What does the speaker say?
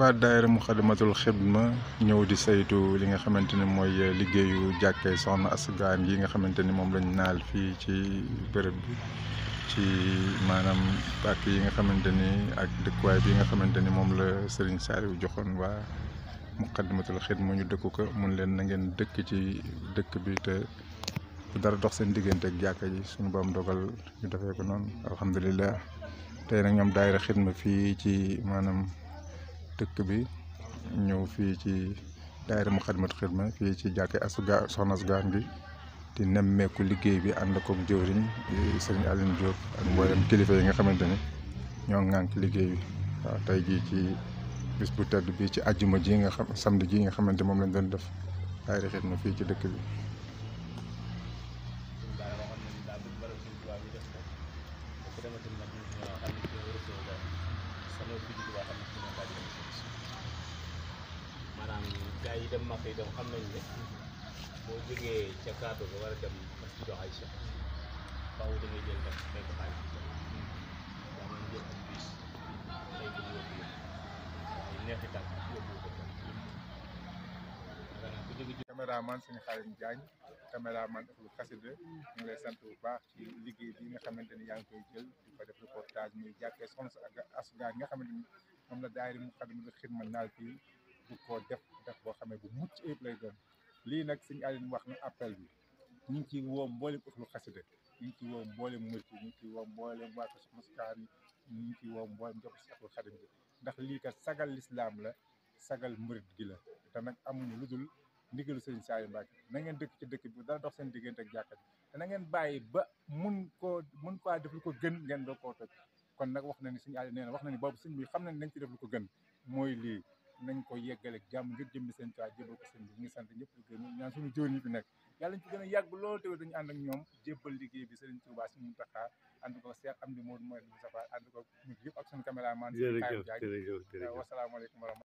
waa daayira Muxaddamatul Xidma ñëw di saytu li nga xamante ni mooy liggéeyu jàkkee soxna Astou Birame yi nga xamante ni moom lañu naal fii ci bërëb bi ci maanaam pàkk yi nga xamante ni ak dëkkuwaay bi nga xamante ni moom la Serigne bu joxoon waa Muxaddamatul Xidma ñu dëkku ko mun leen na ngeen dëkk ci dëkk bi te dara dox seen diggante ak jàkka ji suñu boom dogal ñu defee ko noonu alhamdulilah tey nag ñoom daayira xidma fii ci maanaam dëkk bi ñëw fii ci daayira Moukhaddamatoul Khidma fii ci jàkke asuga soxna sugaan bi di nemmeeku liggéey bi ànd koog jëwriñ sëriñ Alioune ak mboolem kilifa yi nga xamante ne ñoo ŋànk liggéey tey jii ci bis bu tedd bi ci àjjuma nga xam samedi nga xamante moom lañ doon def daayira Xidma fii ci dëkk bi gaa yi dem Makka itam xam nañ ne boo jógee ca Kaaba ga war a dem Masjidu Aïcha faaw si ngay jël def fekk xaalis bi tam daa mën jël ak bis xëy ko ñu lay sant bu baax ci liggéey bi nga xamante ni yaa ngi koy jël di ko def reportage muy jàkkee soxna ak asugaa nga xamante ni moom la daayira mu xadama da xidma naal fii di ko def def boo xamee bu mucc ayib lay doon lii nag suñu Aline wax na appel bi ñu ngi ciy woo mboolem ëxlu xasida ñu ngi ciy woo mboolem murit ñu ngi ciy woo ko Soxna Muskaani ñu ngi ciy jox Seexul Xadim bi ndax lii kat sagal lislaam la sagal murit gi la te nag amuñu lu dul ndigalu Sëriñ Saliou Mbacke na ngeen dëkk ci dëkk bi dara dox seen diggante ak na ngeen ba mun koo mun koo def lu ko gën ngeen doo koo toj kon nag wax na ni wax na ni bi xam nañ nañ ci def lu ko gën nañ ko yeggale jàmm ngir jëmmi seen tuwaay jébal ko seen ngi sant ñëpp di gërëm ñaan suñu jëwriñ fi nekk yàlla ñu ci gën a yàgg loolu tamit dañu ànd ak ñoom jébbal liggéey bi Serigne Touba suñu taxaa ànd ko Cheikh Amdi Modou Mouhamed Moustapha ànd ko ñun yëpp ak suñu caméraman jërëjëf jërëjëf wasalaamaaleykum wa